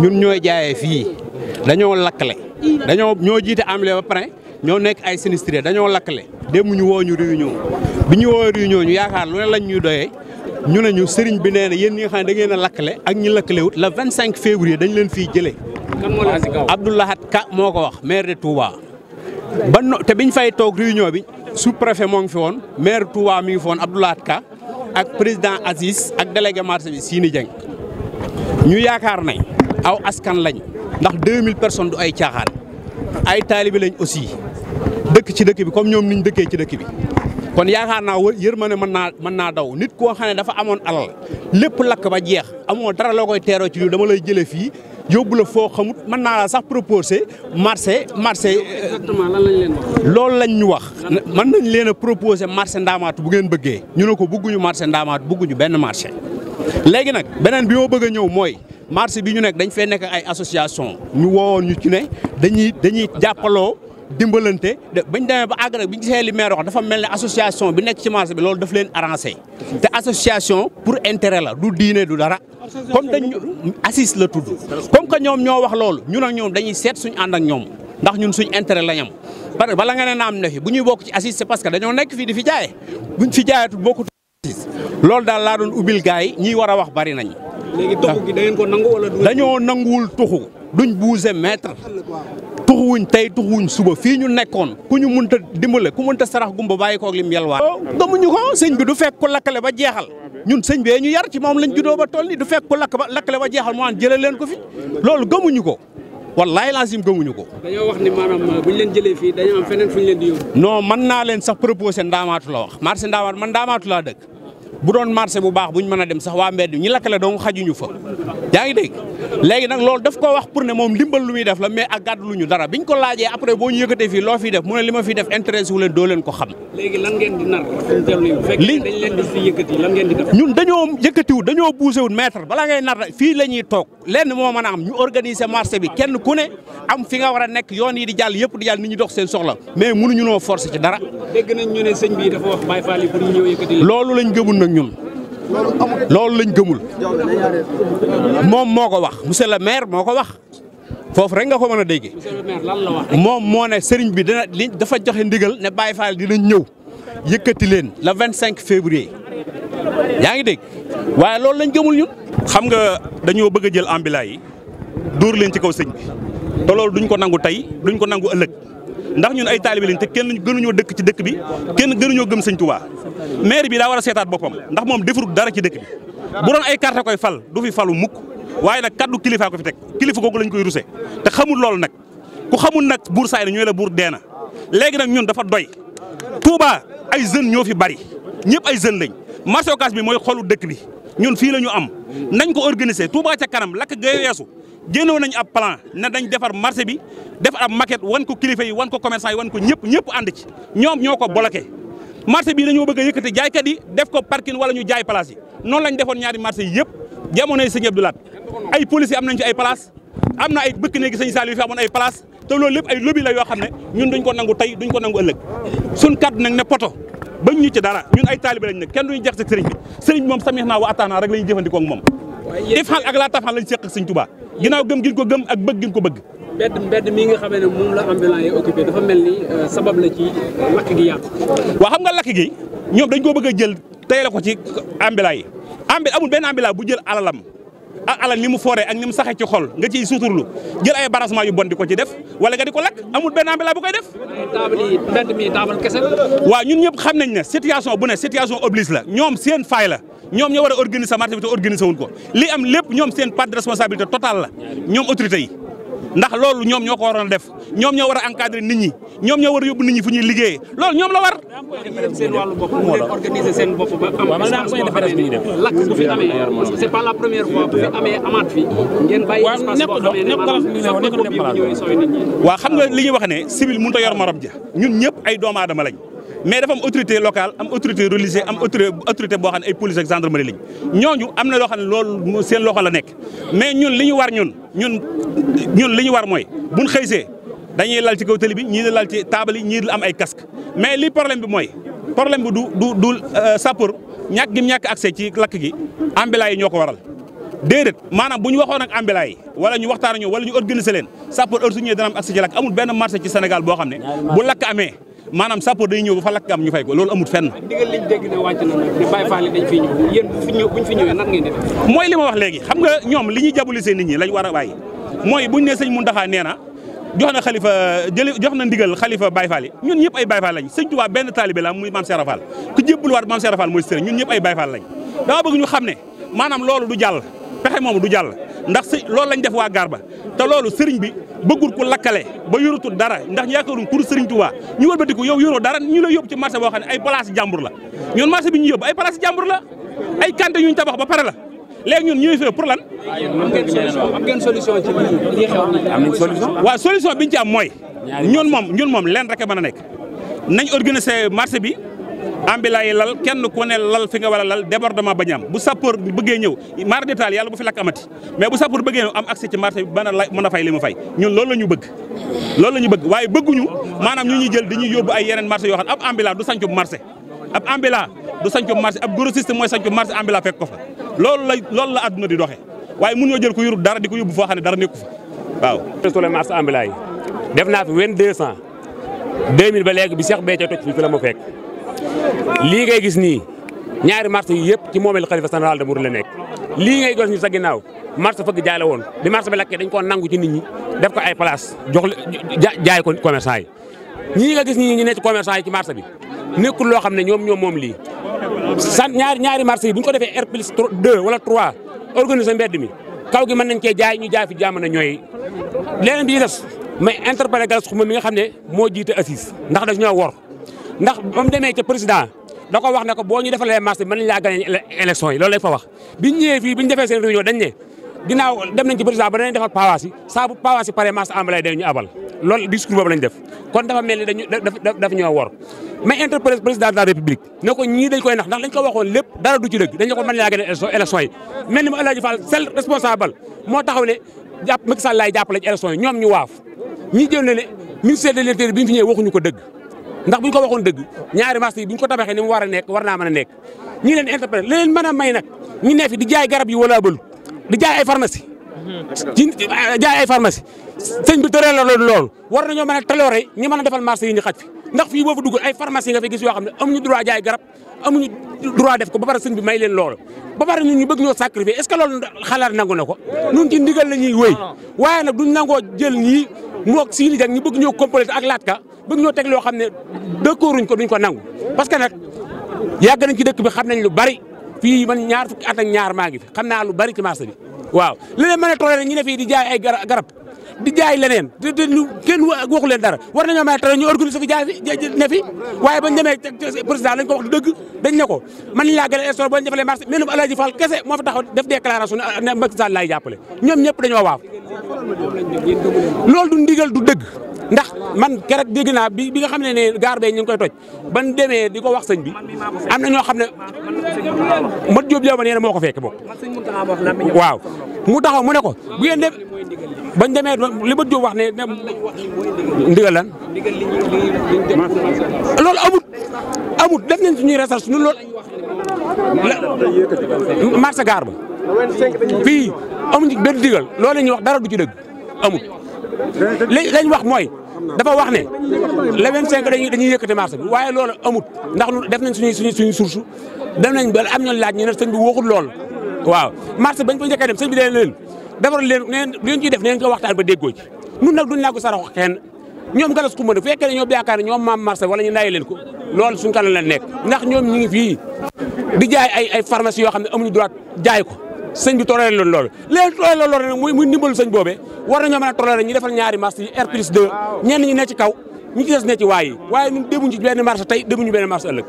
ñun ñooy jaayee fii dañoo lakkale dañoo ñoo jiite amble ba pare ñoo nekk ay sinistré dañoo lakkale démb ñu woo ñu réunion bi ñu woo réunion ñu yaakaar lu ne lañ ñuy doyee ñu ne ñu sëriñ bi nee na yéen ñi nga xam da ngeen a lakkle ak ñi lakkle la le cinq février dañ leen fii jëlee. kan moo la Ka moo ko wax maire de Touba. ba no te biñ fay toog réunion bi su préfet moo ngi fi woon maire Touba mi ngi fi woon Abdou Lahad Ka ak président Aziz ak délégué marché bi Sini Dieng. ñu yaakaar ne aw askan lañ ndax 2000 personnes du ay caaxaan ay taalibi lañ aussi dëkk ci dëkk bi comme ñoom niñ dëkkee ci dëkk bi kon yaakaar naa yërmande mën naa mën naa daw nit koo xam ne dafa amoon alal lépp lakk ba jeex amoo dara loo koy teeroo ci dama lay jëlee fii yóbbu la foo xamut mën naa sax proposé marché marché. Euh, exactement lan wax. loolu lañ ñu wax. mën nañ leen a proposé marché ndaamaatu bu ngeen bëggee ñu ne ko bëgguñu marché ndaamaatu bëgguñu benn marché. léegi nag beneen bi ma bëgg a ñëw mooy marché bi ñu nekk dañ fee nekk ay association ñu woowoon ñu ci ne dañuy dañuy jàppaloo dimbalante bañ demee ba àgg bi ñu gisee li maire wax dafa mel ne bi nekk ci bi loolu daf leen arrangé te association pour intérêt du diine du dara comme dañ assis la tudd comme que ñoo wax loolu ñun ak ñoom dañuy seet suñ ànd ak ñoom ndax ñun suñu intérêt la ñam parce que bala nga ne naam bu ñuy bokk ci assis c'est parce que dañoo nekk fii di fi jaaye buñ fi jaayeetu bokkut loolu daal laa doon ubbil gars yi ñiy war a wax bari nañ. léegi tuxu gi da ngeen ko nangu wala dañoo nanguwul tuxu duñ buuse mètre wuñ tey tuxuwuñ suba fii ñu nekkoon ku ñu munta dimbale ku munta sarax gumba bàyyi koog lim yalwaa. gëmuñu ko sëñ bi du fekk ko lakkale ba jeexal ñun sëñ bee ñu yar ci moom lañ juddoo ba toll ni du fekk ko lakk ba lakkale ba jeexal moo an jëlee leen ko fi lool gëmuñu ko wallaay laasim gëmuñu ko. dañoo wax ni maanaam euh, leen jëlee fii dañoo am feneen mën naa leen sax proposé ndaamaatu la wax marché ndaamaatu man ndaamaatu laa dëkk bu doon marché bu baax bu ñu mën a dem sax waa mbedd ñi lakkale donc xajuñu fa yaa ngi dégg léegi nag loolu def ko wax pour ne moom ndimbal lu muy def la mais ak gàddu lu ñu dara biñ ko laajee après boo ñu yëkkatee fii loo fiy def mu ne li ma fiy def ko xam. léegi lan ngeen di nar. li dañ leen di fi yëkkati lan ngeen dañoo yëkkatiwut dañoo buusewut bala ngay nar fii la ñuy toog lenn moo mën a am ñu organiser marché bi kenn ku ne am fi nga war a nekk yoon yi di jàll yëpp di jàll nit ñi dox seen soxla mais mënuñu noo forcer ci dara. ñu ne sëñ bi dafa loolu lañ gëmul nag ñun loolu lañ gëmul moom moo ko wax monsieur le maire moo ko wax foofu rek nga ko mën a déggee moom moo ne sëriñ bi dina li dafa joxe ndigal ne Baye Fall dinañ ñëw yëkkati leen vingt 25 février yaa ngi dégg waaye loolu lañ gëmul ñun. xam nga dañoo bëgg a jël ambulant yi dóor leen ci kaw sëñ bi te loolu duñ ko nangu tey duñ ko nangu ëllëg. ndax ñun ay taalibe lañ te kenn gënuñoo dëkk ci dëkk bi kenn gënuñoo gëm sëñ Tuubaa maire bi daa war a seetaat boppam ndax moom defurut dara ci dëkk bi bu doon ay carte koy fal du fi falu mukk waaye nag kaddu kilifaa ko fi teg kilifa googu lañ koy ruse te xamul loolu nag ku xamul nag buur saay na ñooy la buur deena léegi nag ñun dafa doy Touba ay jeunes ñoo fi bari ñëpp ay jeunes lañ marché Ocass bi mooy xolu dëkk bi ñun fii la ñu am nañ ko organiser Touba ca kanam lakk gay weesu génnoon nañ ab plan ne dañ defar marché bi def ab maquette wan ko kilifa yi wan ko commerçant yi wan ko ñëpp ñëpp ànd ci ñoom ñoo ko bloqué marché bii dañoo bëgg a yëkkati jaaykat yi def ko parking wala ñu jaay place yi noonu lañ defoon ñaari marché yi yëpp jamonoy sëñ Abdou Lahat ay policiers am nañ ci ay place am na ay bëkk néegi sëñ Saliou fi amoon ay place te loolu lépp ay lobby la yoo xam ne ñun duñ ko nangu tey duñ ko nangu ëllëg suñ kàddu nag ne poto bañ ñu ci dara ñun ay taalibe lañ nag kenn duñu jax si sëriñ bi sëriñ bi moom samix naa wa ataanaa rek la ñuy jëfandikoo ak moom ifxal ak laa tafxal lañ seq ak sëriñ Tuubaa ginnaaw gëm gin ko gëm ak bëgg gin ko bëgg mbedd mbedd mi nga xamee ne moom la ambulant yi dafa mel ni euh, sabab la ci lakk gi yàqu waaw xam nga lakk gi ñoom dañ koo bëgg a jël tey la ko ci ambulant yi ambi amul benn ambulant bu jël alalam ak alal ni mu fooree ak ni mu saxee ci xol nga ciy suturlu jël ay barassement yu bon ko ci def wala nga di ko lakk amul benn ambilaa bu koy def. waa ñun ñëpp xam nañ ne situation bu ne situation oblige la ñoom seen faay la ñoom ñoo war a organiser marché bi te organiser wuñ ko li am lépp ñoom seen part de responsabilité totale la ñoom autorité yi. ndax loolu ñoom ñoo ko waroon def ñoom ñoo war a encadrer nit ñi ñoom ñoo war a yóbbu nit ñi fu ñuy liggéeyee loolu ñoom la war. seen wàllu bopp mu seen bopp ba am espace boo xam ne la première fois bu fi amee amaat fi ngeen bàyyi espace boo xam ne maanaam nekk xam nga li ñuy wax ne civil mun a yor morom ja ñun ñëpp ay doomu aadama lañ mais dafa autorité locale am autorité religieuse am autorité boo xam ne ay police ak gendarmerie lañ ñooñu am na loo xam ne loolu seen loxo la nekk mais ñun li ñu war ñun ñun ñun li ñu war mooy buñ xëysee dañuy lal ci kaw tali bi ñii di lal ci taabal yi ñii di am ay casque mais li problème bi mooy problème bi du du du euh, sapeur ñàkk gi ñàkk accès ci lakk gi ambulant yi ñoo ko waral déedéet maanaam bu ñu waxoon ak ambulant yi wala ñu waxtaan ak ñoom wala ñu organiser leen sapeur heure su ñëwee dana am ci lakk amul boo xam ne bu lakk amee maanaam sapo day ñëw ba fa lakk am ñu fay ko loolu amut fenn. digal liñ dégg ne na mooy li ma wax léegi xam nga ñoom li ñuy jabulise nit ñi lañ war a bay mooy bu buñ ne sëñ Mountakha nee na jox na xalifa jëli jox na ndigal xalifa Baye Fall yi ñun ñëpp ay Baye Fall lañ sëñ Touba benn taalibe la muy man Serap Fall ku jébbaluwaat Mame Serap Fall mooy sëriñ ñun ñëpp ay Baye Fall lañ dama bëgg ñu xam ne maanaam loolu du jàll pexe moom du jàll ndax si loolu lañ def waa Garba te loolu sëriñ bi bëggul ku lakkale ba yoratul dara ndax yaakaaruñ pour sëriñ Tuubaa ñu wëlbatiku yow yoroo dara ñi la yóbbu ci marché boo xam ne ay place jàmbur la ñun marché bi ñu yóbbu ay place jàmbur la ay kante yuñ tabax ba pare la léegi ñun ñooy fee pour lan. am ngeen solution ci lii xew am nañ ci am mooy. ñun moom ñun moom lenn rek a mën a nekk nañ organiser marché bi. ambila yi lal kenn ku ne lal fi nga a lal débordement bañ am bu sapeur bëggee ñëw maar détail yàlla bu fi amati mais bu sapeur am accès ci marché bi mën a mën fay li mu fay ñun loolu la ñu bëgg loolu la ñu bëgg waaye bëgguñu maanaam ñu ñuy jël dañuy yóbbu ay yeneen marché yoo xam ab ambila du sañcu marché ab ambila du sañcu marché ab grossiste mooy sañcu marché ambila fekk ko fa loolu la loolu la àdduna di doxee waaye mun ñoo jël ko dara di ko yóbbu foo xam ne dara nekku fa waaw sole marché ambila naa fi 2200 2000 bi Cheikh Béthio toj lii ngay gis nii ñaari marché yi yëpp ci moomeel xalifa général de Mouride la nekk lii ngay gis nii sa ginnaaw marché fëgg jaay la woon bi marché bi lakkee dañ koo nangu ci nit def ko ay place jox jaay ko commerçant yi ñii nga gis nii ñu ne ci commerçant yi ci marché bi nekkul loo xam ne ñoom ñoom moom lii san ñaari ñaari marché yi bu ñu ko defee R plus 2 wala 3 organiser mbedd mi kaw gi mën nañ cee jaay ñu jaay fi jaamana ñooy leneen bi des mais interpellé Gallas Khouma mi nga xam ne moo jiite assise ndax dañu ñoo wor ndax ba da ko wax ne ko boo ñu defalee marché bi mën nañu laa gagné élection yi loolu lañ fa wax biñ ñëwee fii biñ defee seen réunion dañ ne dem nañ ci président ba danañ defal pawaas yi saa bu pawaas ambalay dañu abal loolu discours boobu lañ def kon dafa mel ni daf ñoo wor mais interpellé président de la république ne ko ñii dañ koy nax ndax dañ ko waxoon lépp dara du ci dëgg dañ ko mën laa gagné élection yi mel ni mu El Hadji Fall seul responsable moo taxaw yi ñoom ñu waaf ñi jël ne ne ministère ko dëgg ndax bu ñu ko waxoon dëgg ñaari marché yi bu ko tabaxe ni mu war a nekk war naa mën a nekk ñi leen interpellé leen mën a may nag ñu ne yi di jaay garab yi wala bëlu di jaay ay pharmacie ci jaay ay pharmacie sëñ bi tëree la loolu war nañoo mën a taloore ñi mën a defal marché yi ñu xaj fi ndax fii boo fa dugg ay pharmacie nga fi gis yoo xam ne amuñu droit jaay garab amuñu droit def ko ba pare sëñ bi may leen loolu ba pare ñun ñu bëgg ñoo sacrifier est-ce que loolu nangu na ko ñun ci ndigal la ñuy wéy waaye nag nangoo jël ñii mook siili jag ñu bëgg ñoo complété ak laat ka bëgg ñoo teg loo xam ne dëkkooruñ ko duñ ko nangu parce que nag yàgg nañ ci dëkk bi xam nañ lu bari fii man ñaar fukk at ak ñaar maa ngi xam naa lu bari ci marché bi waaw leneen mën a toléré ñu ne fii di jaay ay garab di jaay leneen te te ñu kenn waxu leen dara war nañoo mën a toléré ñu organiser fi jaay fi ne fi waaye bañ demee président dañ ko wax dëgg dañ ne man laa gën a instauré boo ñu defalee marché mel ni Alaaji Fall kese moo fi taxaw def déclaration ne Macky Sall laay jàppale ñoom ñëpp dañoo waaw loolu du ndigal du dëgg ndax man keroog dégg naa bi bi nga xam ne ne gaar bee ñu ngi koy toj ban demee di ko wax sëñ bi am na ñoo xam ne mat Diop Diop nee moo ko fekk bokk waaw mu taxaw mu ne ko bu ngeen bañ demee li mat Diop wax ne ndigal lan loolu amut amut def nañ suñuy recherche ñun loolu marché gaar ba fii amuñ benn digal loolu la ñuy wax dara du ci dëgg amut li lañ wax mooy dafa wax ne le 25 dañuy dañuy yëkkati marché bi waaye lool amut ndax def nañ suñuy suñuy suñuy source dem nañ ba am ñoo laaj ñu ne sëñ bi waxul lool waaw marché bañ fa njëkkee dem sëñ bi dee leen defar leen neen def neen ko waxtaan ba déggoo ci nag duñ naa ko sarax kenn ñoom galas ku mën a fekkee ne ñoom yaakaar ñoom maam marché wala ñu ndayi leen ko loolu suñ kanam la nekk ndax ñoom ñu ngi fii di jaay ay ay pharmacie yoo xam ne amuñu droit jaay ko sëñ bi toléré leen loolu léegi toléré leen loolu nag muy muy ndimbalu sëñ boobee war nañoo mën a toléré ñu defal ñaari marché yi R plus 2 ñenn ñi ne ci kaw ñi ci des ne ci waay yi waaye ñun demuñu ci benn marché tey demuñu benn marché ëllëg